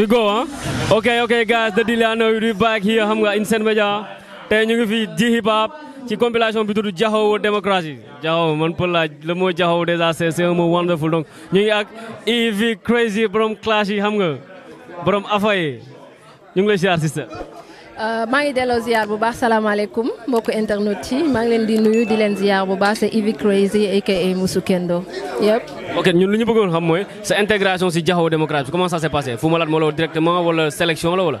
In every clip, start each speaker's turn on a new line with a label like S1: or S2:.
S1: we go ah ok ok guys the deal I know we back here xam nga in Sen Media tey ñu ngi fi ji hip hop ci compilation bi tudd Jaxaw démocratie Jaxaw man pour laaj le mot Jaxaw déjà c'est un mot wonderful donc ñu ngi ak Evi Crazy borom clash yi xam nga borom afa ñu ngi lay siyaar sister
S2: Euh, maa ngi delloo ziar bu baax salaamaaleykum mbokku internet yi maa ngi di nuyu di leen ziar bu baax c'est Ivy Crazy aka Moussou Kendo yëpp.
S1: ok ñun lu ñu bëggoon xam mooy sa intégration si Jaxawu démocratie comment ça s'est passé Fou Malade moo la directement wala sélection la wala.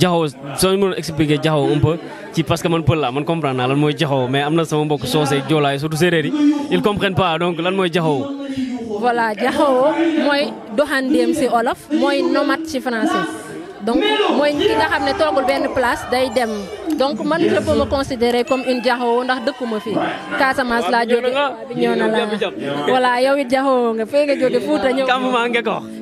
S1: jaxaw soo mënoon expliquer jaxaw un peu ci parce que man pël la man comprendre lan moy mais amna sama mbok sosé est surtout ils comprennent pas donc lan moy jaxaw
S2: voilà jaxaw moy dohandem nomade ci français donc moy ki nga xamné ne ben place day dem donc man je peux me considérer comme une jaxoo ndax dëkkuma fii Casamance laa bi ñëw na la voilà yow it nga nga
S1: ñëw.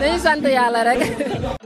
S1: dañu sant yàlla
S2: rek